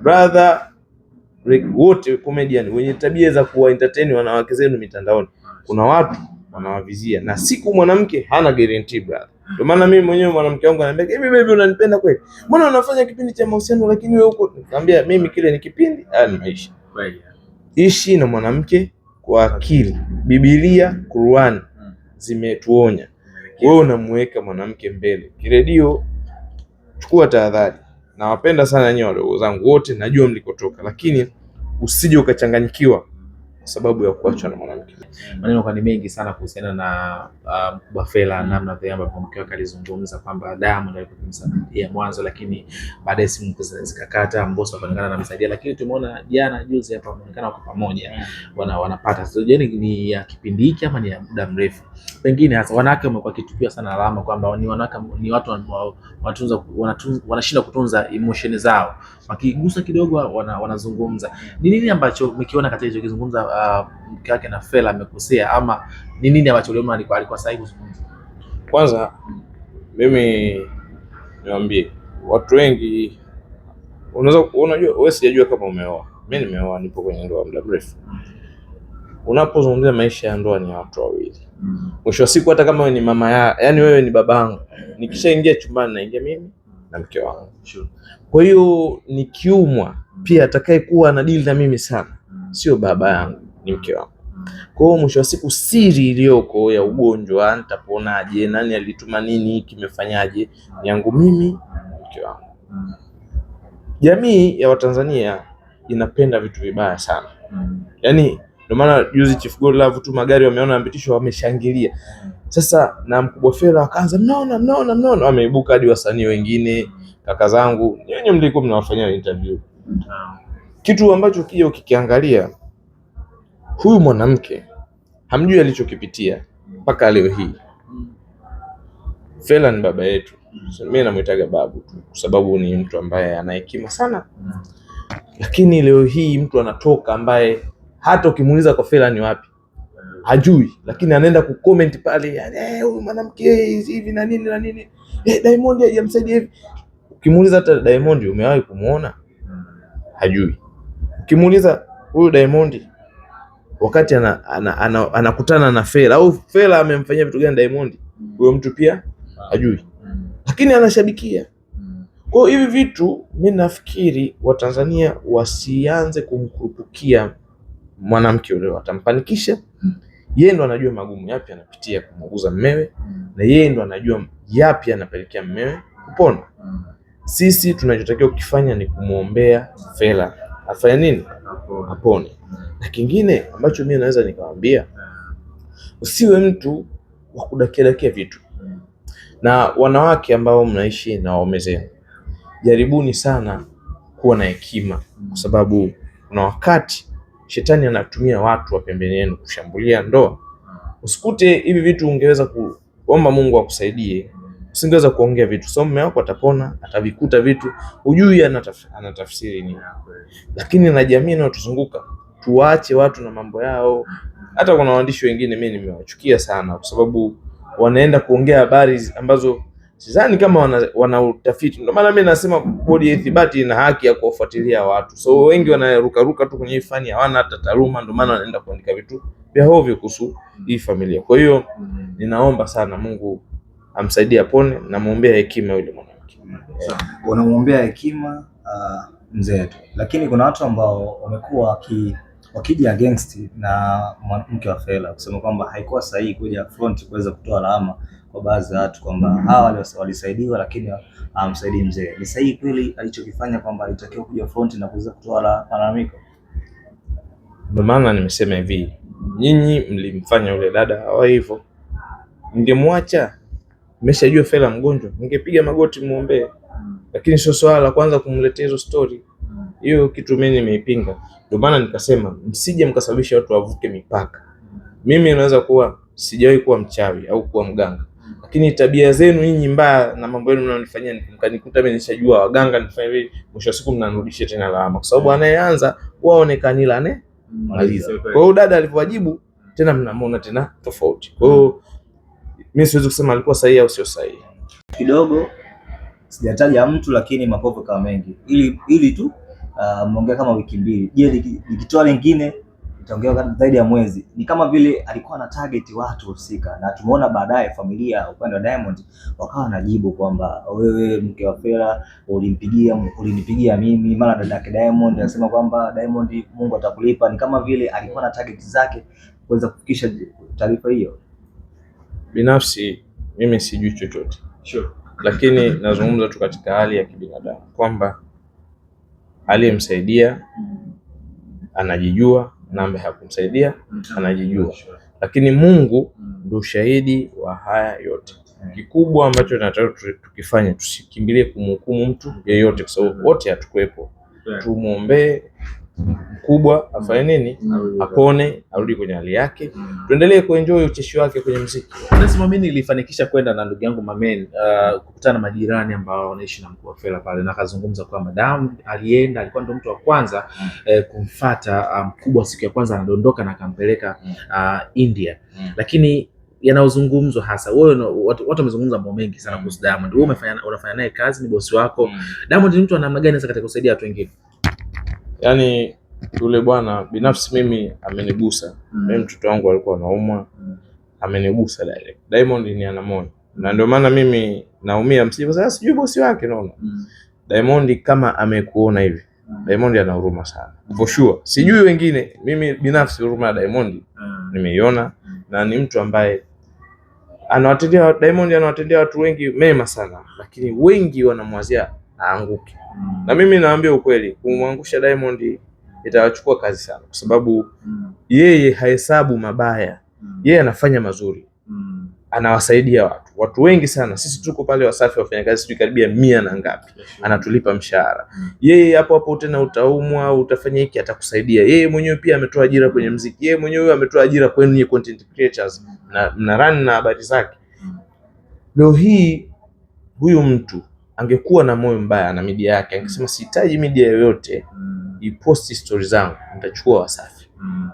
brother wote comedian wenye tabia za kuwa entertain wanawake zenu mitandaoni, kuna watu wanawavizia, na siku mwanamke hana guarantee brother. Ndio maana mimi mwenyewe mwanamke wangu ananiambia hivi, baby, unanipenda kweli? Mbona unafanya kipindi cha mahusiano lakini wewe huko? Nikamwambia mimi kile ni kipindi, haya ni maisha. Ishi na mwanamke kwa akili. Biblia, Qur'an zimetuonya, wewe unamweka mwanamke mbele. Kiredio, chukua tahadhari. Nawapenda sana nyinyi wadogo zangu wote, najua mlikotoka, lakini usije ukachanganyikiwa sababu ya kuachwa na mwanamke. Maneno kwa ni mengi sana kuhusiana na Mkubwa um, Fela, namna vile ambavyo mke wake alizungumza kwamba Diamond alikuwa akimsaidia mwanzo, lakini baadaye simu zikakata, Mbosso akaonekana anamsaidia, lakini tumeona jana juzi hapa wanaonekana wako pamoja, mm. wana wanapata sio sijui ni ya kipindi hiki ama ni ya muda mrefu. Pengine hasa wanawake wamekuwa kitupiwa sana alama kwamba ni wanawake ni watu wanatunza wanashinda kutunza emotion zao, wakigusa kidogo wanazungumza. Ni nini ambacho mkiona katika hicho kizungumza uh, mke wake na Fela amekosea ama ni nini ambacho uliona alikuwa alikuwa sahihi kuzungumza? Kwanza mimi niwaambie watu wengi, unaweza unajua, wewe sijajua kama umeoa, mimi nimeoa, nipo kwenye ndoa muda mrefu. Unapozungumzia maisha ya ndoa ni watu wawili, mwisho wa siku, hata kama wewe ni mama ya, yani wewe ni babangu, nikishaingia chumbani naingia mimi na mke wangu. Kwa hiyo nikiumwa, pia atakayekuwa na dili na mimi sana sio baba yangu ni mke wangu. Kwa hiyo mwisho wa siku siri iliyoko ya ugonjwa nitaponaje, nani alituma nini, kimefanyaje, ni yangu mimi, mke wangu. Jamii ya Watanzania inapenda vitu vibaya sana, yaani ndio maana juzi Chief Godlove tu magari wameona mpitisho, wameshangilia. Sasa na mkubwa Fela akaanza mnaona, mnaona, mnaona, ameibuka hadi wasanii wengine, kaka zangu, nyinyi mlikuwa mnawafanyia interview, kitu ambacho kija ukikiangalia Huyu mwanamke hamjui alichokipitia mpaka leo hii. Fela ni baba yetu, so, mimi namwitaga babu tu kwa sababu ni mtu ambaye ana hekima sana, lakini leo hii mtu anatoka ambaye hata ukimuuliza kwa Fela ni wapi hajui, lakini anaenda kucomment pale, eh, eh, huyu mwanamke eh, hivi na nini na nini, eh, Diamond hajamsaidia hivi. Ukimuuliza hata Diamond umewahi kumuona, hajui. Ukimuuliza huyu Diamond wakati anakutana ana, ana, ana, na Fela au Fela amemfanyia vitu gani Diamond, mm. huyo mtu pia mm. ajui mm. lakini anashabikia. Kwa hiyo hivi vitu mi nafikiri Watanzania wasianze kumkurupukia mwanamke yule, watampanikisha yeye. Ndo anajua magumu yapi anapitia kumuuguza mmewe, na yeye ndo anajua yapi anapelekea mmewe kupona. Sisi tunachotakiwa kukifanya ni kumwombea Fela afanye nini, apone. Na kingine ambacho mimi naweza nikawaambia, usiwe mtu wa kudakiadakia vitu. Na wanawake ambao mnaishi na waume zenu, jaribuni sana kuwa na hekima, kwa sababu kuna wakati shetani anatumia watu wa pembeni yenu kushambulia ndoa. Usikute hivi vitu ungeweza kuomba Mungu akusaidie, usingeweza kuongea vitu so mume wako atapona, atavikuta vitu hujui anatafsiri nini, lakini na jamii inayotuzunguka tuwache watu na mambo yao. Hata kuna waandishi wengine mimi nimewachukia sana, kwa sababu wanaenda kuongea habari ambazo sidhani kama wana, wana utafiti. Ndio maana mimi nasema bodi ya ithibati ina haki ya kuwafuatilia watu, so wengi wanarukaruka tu kwenye fani, hawana hata taaluma, ndio maana wanaenda kuandika vitu vya hovyo kuhusu hii familia. Kwa hiyo ninaomba sana Mungu amsaidie apone, namwombea hekima yule mwanamke. Unamwombea hekima ah, mzee wetu, lakini kuna watu ambao wamekuwa waki wakija against na mwanamke wa Fela kusema kwamba haikuwa sahihi kuja front kuweza kutoa lawama kwa baadhi ya watu kwamba mm -hmm. hawa walisaidiwa lakini hawamsaidii ah, um, mzee. Ni sahihi kweli alichokifanya kwamba alitakiwa kuja front na kuweza kutoa malalamiko? Ndio maana nimesema hivi, nyinyi mlimfanya yule dada awa hivyo, ningemwacha mmeshajua Fela mgonjwa, ningepiga magoti muombee, lakini sio swala la kwanza kumletea hizo story. Hiyo kitu mimi nimeipinga, ndio maana nikasema msije mkasababisha watu wavuke mipaka. Mimi naweza kuwa sijawahi kuwa mchawi au kuwa mganga, lakini tabia zenu nyinyi mbaya na mambo yenu mnanifanyia, mkanikuta mimi nishajua waganga nifanye hivi, mwisho wa siku mnanirudishia tena lawama, kwa sababu anayeanza la ne maliza. Kwa hiyo dada alipowajibu tena, mnamuona tena tofauti. Kwa hiyo mimi siwezi kusema alikuwa sahihi au sio sahihi kidogo sijataja mtu lakini makovu kama mengi, ili ili tu Ah, mmeongea uh, kama wiki mbili. Je, nikitoa lingine itaongea zaidi ya mwezi. Ni kama vile alikuwa na target watu husika, na tumeona baadaye familia upande wa Diamond wakawa wanajibu kwamba wewe mke wa Fela ulimpigia, ulinipigia mimi, mara dada yake Diamond anasema kwamba Diamond, Mungu atakulipa. Ni kama vile alikuwa na target zake kuweza kufikisha taarifa hiyo. Binafsi mimi sijui chochote sure, lakini nazungumza tu katika hali ya kibinadamu kwamba aliyemsaidia anajijua na ambaye hakumsaidia mm-hmm. anajijua, lakini Mungu mm-hmm. ndio ushahidi wa haya yote. Mm-hmm. Kikubwa ambacho tunataka tukifanya, tusikimbilie kumhukumu mtu yeyote, kwa sababu wote hatukuwepo. Tumwombee mkubwa afanye nini, mm. apone, arudi kwenye hali yake, mm. tuendelee kuenjoy ucheshi wake kwenye mziki. Nasema mimi nilifanikisha kwenda na ndugu yangu Mamen uh, kukutana na majirani ambao wanaishi na mkuu wa Fela pale, na akazungumza kwa madamu alienda, alikuwa ndo mtu wa kwanza mm. eh, kumfata uh, mkubwa um, siku ya kwanza anadondoka na akampeleka uh, India, lakini yanayozungumzwa hasa wewe, watu wamezungumza mambo mengi sana kuhusu Diamond. Wewe umefanya unafanya naye kazi, ni bosi wako. Diamond ni mtu wa namna gani hasa katika kusaidia watu wengine? yani yule bwana binafsi mimi amenigusa mm. mimi, mtoto wangu alikuwa anaumwa mm. amenigusa direct. Diamond ni ana moyo na ndio maana mimi naumia msiba. Sasa sijui bosi wake, naona mm. Diamond kama amekuona hivi mm. Diamond ana huruma sana for sure, sijui mm. wengine. Mimi binafsi huruma ya Diamond mm. nimeiona mm. na ni mtu ambaye anawatendea Diamond, anawatendea watu wengi mema sana, lakini wengi wanamwazia aanguke. Na mimi naambia ukweli, kumwangusha Diamond itawachukua kazi sana, kwa sababu yeye hahesabu mabaya, yeye anafanya mazuri, anawasaidia watu watu wengi sana. Sisi tuko pale Wasafi wafanyakazi sijui karibia mia na ngapi, anatulipa mshahara yeye. Hapo hapo tena utaumwa, utafanya hiki, atakusaidia yeye mwenyewe. Pia ametoa ajira kwenye mziki, yeye mwenyewe ametoa ajira kwenu nyie content creators, na mnarani na habari zake. Leo hii huyu mtu angekuwa na moyo mbaya na media yake, angesema sihitaji media yoyote mm. iposti stori zangu, nitachukua Wasafi mm.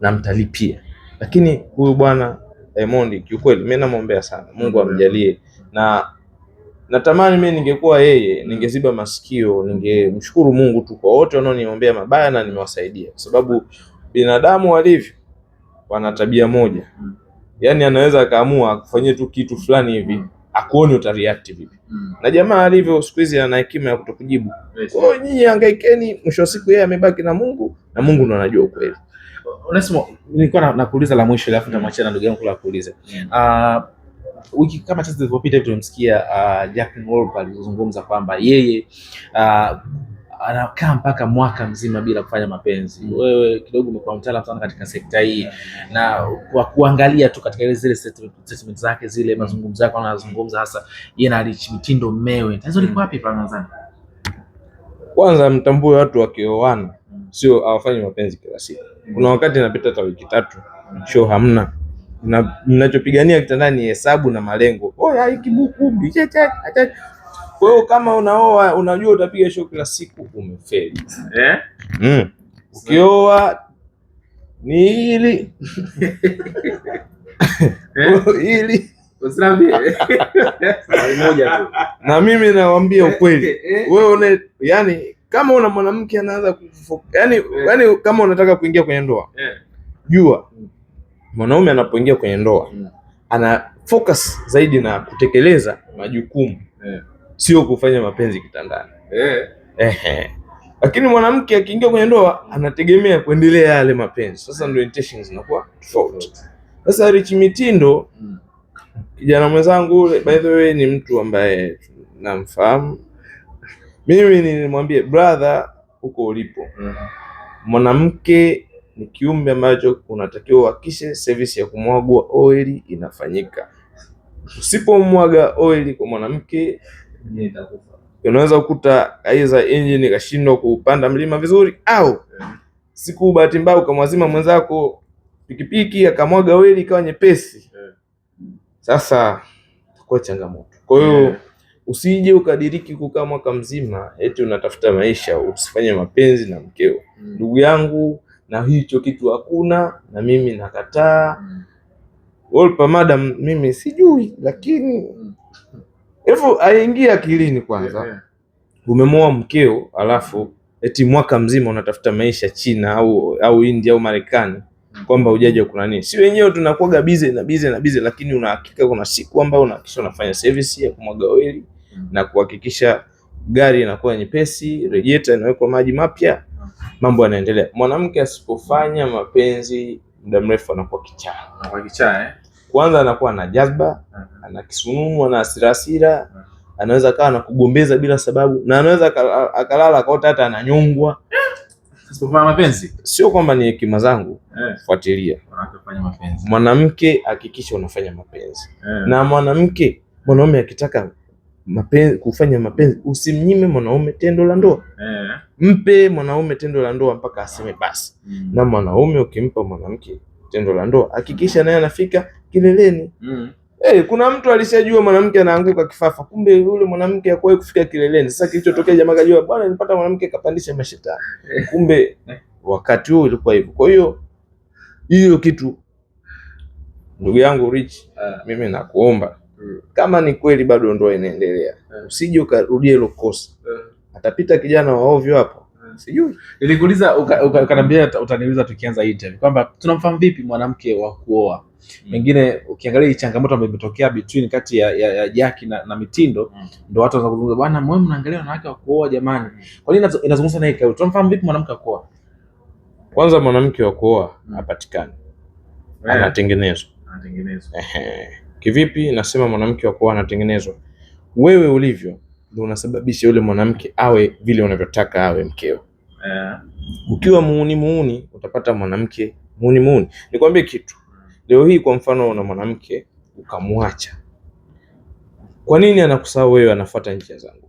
na mtalipia. Lakini huyu bwana eh, Mondi kiukweli, mi namwombea sana, Mungu mm. amjalie, na natamani mi ningekuwa yeye, ningeziba masikio, ningemshukuru Mungu tu kwa wote wanaoniombea mabaya na nimewasaidia, kwa sababu binadamu walivyo wana tabia moja, yaani anaweza akaamua akufanyie tu kitu fulani hivi akuone utareact vipi. Mm. Na jamaa alivyo siku hizi ana hekima ya kutokujibu. Kwa hiyo nyinyi hangaikeni, mwisho wa siku yeye amebaki na Mungu na Mungu ndo anajua ukweli. Onesmo, nilikuwa nakuuliza la mwisho alafu nitamwachia na ndugu yangu kula kuuliza. Hmm. Uh, wiki kama chache zilizopita tulimsikia uh, ah, Jack Wolper alizungumza kwamba yeye uh, anakaa mpaka mwaka mzima bila kufanya mapenzi mm. Wewe kidogo umekuwa mtaalamu sana katika sekta hii Na kwa kuangalia tu katika zile statement zake zile mazungumzo yake anazungumza hasa yeye na Mitindo mmewe tatizo liko mm. wapi pale Kwanza mtambue watu wakioana mm. sio hawafanyi mapenzi kila siku. Mm. Kuna wakati inapita hata wiki tatu show hamna mnachopigania kitandani ni hesabu na malengo. Oh, ya ikibuku kwa hiyo kama unaoa unajua utapiga show kila siku, umefeli eh? Mm. Ukioa ni hili eh? hili na mimi nawambia ukweli, eh? wewe yani, kama una mwanamke anaanza yani, eh. yani kama unataka kuingia kwenye ndoa jua mwanaume anapoingia kwenye ndoa mm. ana focus zaidi na kutekeleza majukumu sio kufanya mapenzi kitandani eh. Eh, lakini mwanamke akiingia kwenye ndoa anategemea kuendelea yale mapenzi. Sasa ndio intentions zinakuwa tofauti. Sasa Rich Mitindo mm. kijana mwenzangu, by the way, ni mtu ambaye namfahamu mimi, nilimwambia brother, huko ulipo mm-hmm. mwanamke ni kiumbe ambacho unatakiwa uhakishe service ya kumwagwa oili inafanyika. Usipomwaga oili kwa mwanamke itakufa. Unaweza kukuta aidha engine ikashindwa kupanda mlima vizuri, au eh. siku bahati mbaya ukamwazima mwenzako pikipiki akamwaga weli ikawa nyepesi, eh. sasa kwa changamoto. Kwa hiyo eh. usije ukadiriki kukaa mwaka mzima eti unatafuta maisha, usifanye mapenzi na mkeo. Mm. Ndugu yangu, na hicho kitu hakuna, na mimi nakataa. Mm. Wolper madam, mimi sijui lakini hebu aingia akilini kwanza yeah, Umemoa mkeo alafu eti mwaka mzima unatafuta maisha China au au India au Marekani mm. kwamba ujaje kuna nini? Si wenyewe tunakuwaga busy na busy na busy, lakini unahakika kuna siku ambayo unahakikisha unafanya service ya kumwaga oili mm. na kuhakikisha gari inakuwa nyepesi, rejeta inawekwa maji mapya, mambo yanaendelea. Mwanamke asipofanya mapenzi muda mrefu anakuwa kichaa, anakuwa kichaa eh? kwanza anakuwa na jazba, ana kisununu, ana asirasira anaweza akawa kugombeza bila sababu, na anaweza akalala akaota hata ananyongwa. Sio kwamba ni hekima zangu, eh. fuatilia mwanamke, hakikisha unafanya mapenzi eh. na mwanamke. Mwanaume akitaka mapenzi, kufanya mapenzi, usimnyime mwanaume tendo la ndoa. Eh. Mpe mwanaume tendo la ndoa mpaka aseme basi. Mm. Na mwanaume ukimpa mwanamke tendo la ndoa, hakikisha naye anafika kileleni. mm. Hey, eh, kuna mtu alishajua mwanamke anaanguka kifafa, kumbe yule mwanamke hakuwahi kufika kileleni. Sasa kilichotokea jamaa kajua, bwana, nilipata mwanamke kapandisha mashetani, kumbe wakati huo ilikuwa hivyo. Kwa hiyo hiyo kitu, ndugu yangu Rich, ah. mimi nakuomba mm. kama ni kweli bado ndoa inaendelea, eh. usije ukarudia hilo kosa. Eh. Atapita kijana wa ovyo hapo sijui. Nilikuuliza ukaniambia utaniuliza tukianza interview kwamba tunamfahamu vipi mwanamke wa kuoa. Hmm. pengine mm. Ukiangalia hii changamoto ambayo imetokea between kati ya, ya, ya Jaki na, na Mitindo mm. Ndo watu wanaanza kuzungumza bwana, mwe mnaangalia wanawake wa kuoa jamani. Hmm. Kwa nini inazungumza naye kwa tunamfahamu vipi mwanamke wa kuoa? Kwanza mwanamke wa kuoa hmm. hapatikani. Mm. Anatengenezwa. Anatengenezwa. Kivipi nasema mwanamke wa kuoa anatengenezwa? Wewe ulivyo ndio unasababisha yule mwanamke awe vile unavyotaka awe mkeo yeah. Ukiwa muuni muuni utapata mwanamke muuni muuni. Nikwambie kitu leo hii, kwa mfano una mwanamke ukamwacha, kwa nini anakusahau wewe? Anafuata njia zangu.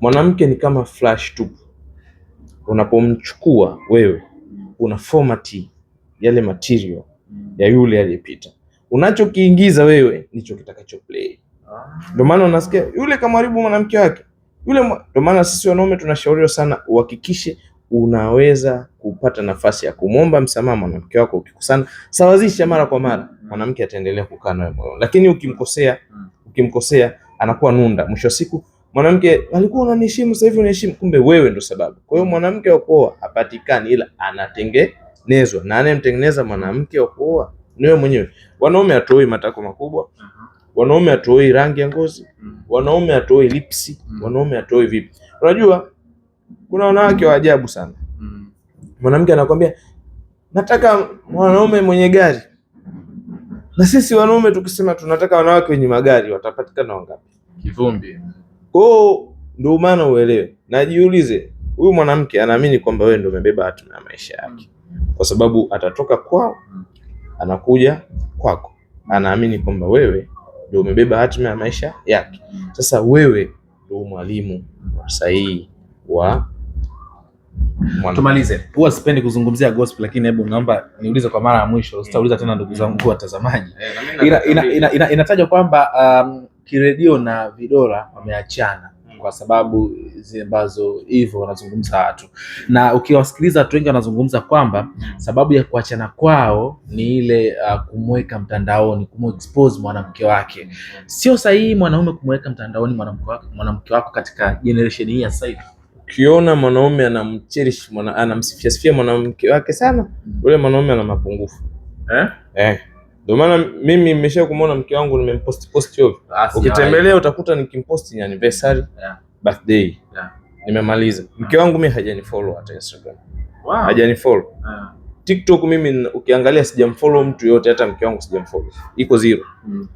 Mwanamke ni kama flash tu, unapomchukua wewe una format yale material ya yule aliyepita, unachokiingiza wewe ndicho kitakacho play. Ah. Ndio maana unasikia yule kamharibu mwanamke wake yule ndio maana sisi wanaume tunashauriwa sana uhakikishe unaweza kupata nafasi ya kumwomba msamaha mwanamke wako. Ukikusana sawazisha mara kwa mara, mm. mwanamke ataendelea kukaa nawe moyo, lakini ukimkosea, mm. ukimkosea anakuwa nunda. Mwisho wa siku mwanamke alikuwa unaniheshimu, sasa hivi unaheshimu, kumbe wewe ndo sababu. Kwa hiyo mwanamke wa kuoa hapatikani, ila anatengenezwa, na anayemtengeneza mwanamke wa kuoa ni wewe mwenyewe. Wanaume atoi matako makubwa mm-hmm wanaume hatuoi rangi ya ngozi, mm. wanaume hatuoi lipsi, mm. wanaume hatuoi vipi. Unajua kuna wanawake wa ajabu sana. Mm. Mwanamke anakwambia nataka mwanaume mwenye gari, na sisi wanaume tukisema tunataka wanawake wenye magari watapatikana wangapi? Kivumbi. Kwao ndio maana uelewe, najiulize huyu mwanamke anaamini kwamba wewe ndio umebeba hatima ya maisha yake, kwa sababu atatoka kwao anakuja kwako, anaamini kwamba wewe ndio umebeba hatima ya maisha yake. Sasa wewe ndio mwalimu sahihi wa Tumalize. Huwa sipendi kuzungumzia gospel lakini hebu naomba niulize kwa mara ya mwisho, hmm. sitauliza tena ndugu zangu hmm. watazamaji. Eh, inatajwa kwamba um, kiredio na vidola wameachana kwa sababu zile ambazo hivyo wanazungumza watu, na ukiwasikiliza watu wengi wanazungumza kwamba sababu ya kuachana kwao ni ile uh, ah, kumweka mtandaoni, kumexpose mwanamke wake. Sio sahihi mwanaume kumweka mtandaoni mwanamke wako, mwanamke wako katika generation hii ya sasa hivi. Ukiona mwanaume anamcherish, anamsifiasifia mwanamke wake sana, mm. ule mwanaume ana mapungufu eh? Eh. Ndio maana mimi nimesha kumwona mke wangu nimempost post ovyo. Ukitembelea utakuta nikimpost ni anniversary, yeah. birthday. Yeah. Nimemaliza. Yeah. Mke wangu mimi hajanifollow hata Instagram. Wow. Hajanifollow. Yeah. TikTok mimi ukiangalia sijamfollow mtu yote hata mke wangu sijamfollow. Iko zero. Mm.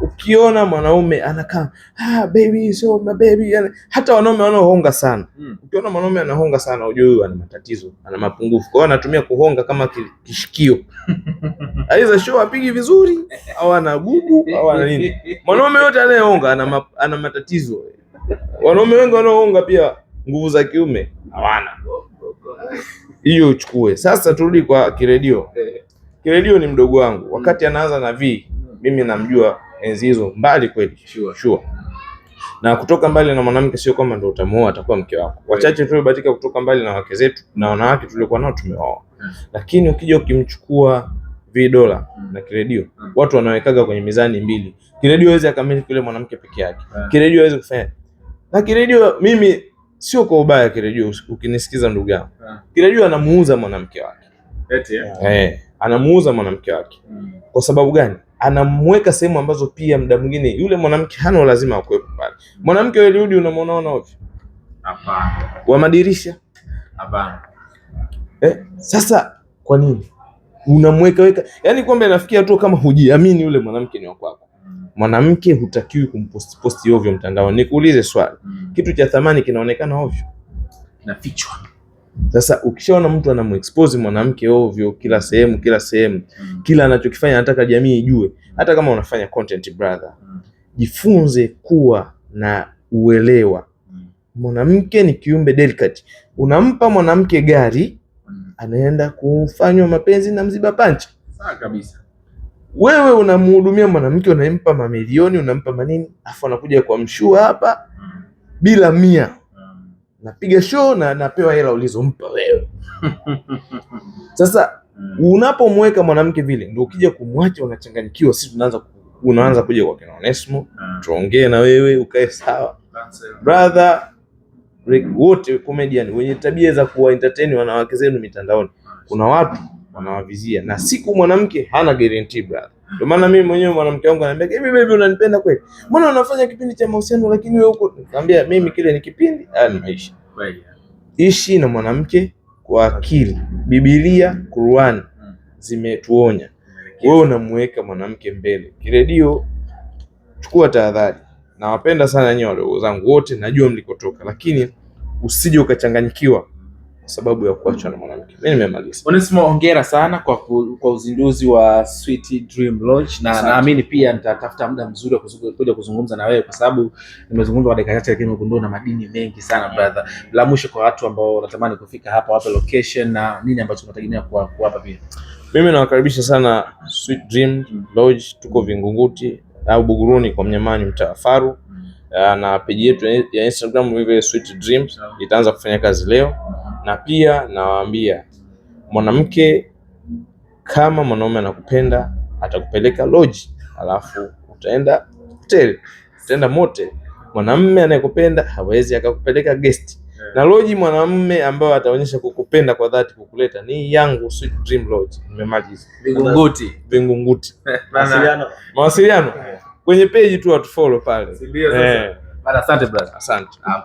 Ukiona mwanaume anakaa ah, baby so my baby, hata wanaume wanaohonga sana mm. Ukiona mwanaume anahonga sana, ujue huyu ana matatizo, ana mapungufu. Kwa hiyo anatumia kuhonga kama kishikio, aiza show apigi vizuri au ana gugu au ana nini. Mwanaume yote anayehonga ana, ma, ana matatizo. Wanaume wengi wanaohonga pia nguvu za kiume hawana. Hiyo uchukue sasa. Turudi kwa Kiredio. Eh. Kiredio ni mdogo wangu, wakati hmm. anaanza na V mimi namjua enzi hizo mbali kweli, sure, sure. Na kutoka mbali na mwanamke sio kwamba ndio utamuoa atakuwa mke wako. Wachache tuliobahatika kutoka mbali na wake zetu na wanawake tuliokuwa nao tumeoa, hmm. lakini ukija ukimchukua vidola hmm. na kiredio hmm. watu wanawekaga kwenye mizani mbili. Kiredio hawezi akamiliki yule mwanamke peke yake, kiredio hawezi kufanya na kiredio. Mimi sio kwa ubaya, kiredio ukinisikiza ndugu yangu, kiredio anamuuza mwanamke wake eti, eh, eh anamuuza mwanamke wake kwa sababu gani? anamweka sehemu ambazo pia muda mwingine yule mwanamke hana lazima akuwepo pale. Mwanamke wewe rudi, unamwona ona ovyo? Hapana. Wa madirisha? Hapana. Eh, sasa kwa nini unamweka weka? Yaani kwamba inafikia tu kama hujiamini yule mwanamke ni wa kwako. Mwanamke hutakiwi kumpost posti ovyo mtandaoni. Nikuulize swali, mm. kitu cha thamani kinaonekana ovyo? Nafichwa. Sasa ukishaona mtu anamexpose mwanamke ovyo kila sehemu kila sehemu mm. kila anachokifanya anataka jamii ijue, hata kama unafanya content brother mm. jifunze kuwa na uelewa mm. mwanamke ni kiumbe delicate. Unampa mwanamke gari mm. anaenda kufanywa mapenzi na mziba pancha. Sawa kabisa. Wewe unamhudumia mwanamke, unampa mamilioni, unampa manini, afu anakuja kwa mshua hapa mm. bila mia napiga show na napewa hela ulizompa wewe. Sasa hmm. unapomweka mwanamke vile, ndio ukija kumwacha unachanganyikiwa. Sisi tunaanza unaanza kuja kwa kina Onesmo, hmm. tuongee na wewe ukae sawa, brother. Wote comedian wenye tabia za kuwa entertain wanawake zenu mitandaoni, hmm. kuna watu wanawavizia, na siku mwanamke hana guarantee brother. Ndio maana mimi mwenyewe mwanamke wangu ananiambia hivi, baby, unanipenda kweli? Mbona unafanya kipindi cha mahusiano lakini wewe huko? Nikamwambia mimi kile ni kipindi ni maisha. Ishi na mwanamke kwa akili. Biblia, Qur'an zimetuonya, wewe unamuweka mwanamke mbele. Kiredio, chukua tahadhari. Nawapenda sana nyote wadogo zangu wote, najua mlikotoka, lakini usije ukachanganyikiwa sababu ya kuachwa na mwanamke. Mimi nimemaliza. Onesmo, hongera sana kwa, ku, kwa uzinduzi wa Sweet Dream Lodge na naamini pia nitatafuta muda mzuri wa kuja kuzungumza na wewe kwa sababu nimezungumza kwa dakika chache, lakini nimegundua na madini mengi sana mm. brother. La mwisho kwa watu ambao wanatamani kufika hapa, wape location na nini ambacho kwa kuwapa pia? Mimi nawakaribisha sana Sweet Dream mm. Lodge, tuko mm. Vingunguti au Buguruni kwa Mnyamani, mtaa Faru, ah, na peji yetu ya Instagram vile Sweet Dreams itaanza kufanya kazi leo na pia nawaambia mwanamke, kama mwanaume anakupenda atakupeleka loji, alafu utaenda hoteli, utaenda mote. Mwanamume anayekupenda hawezi akakupeleka guest na loji. Mwanamume ambayo ataonyesha kukupenda kwa dhati, kukuleta ni yangu Sweet Dream Lodge. Nimemaliza Vingunguti, Vingunguti. Mawasiliano, mawasiliano kwenye page tu, atufollow pale. Eh. Asante brother, asante. Ah,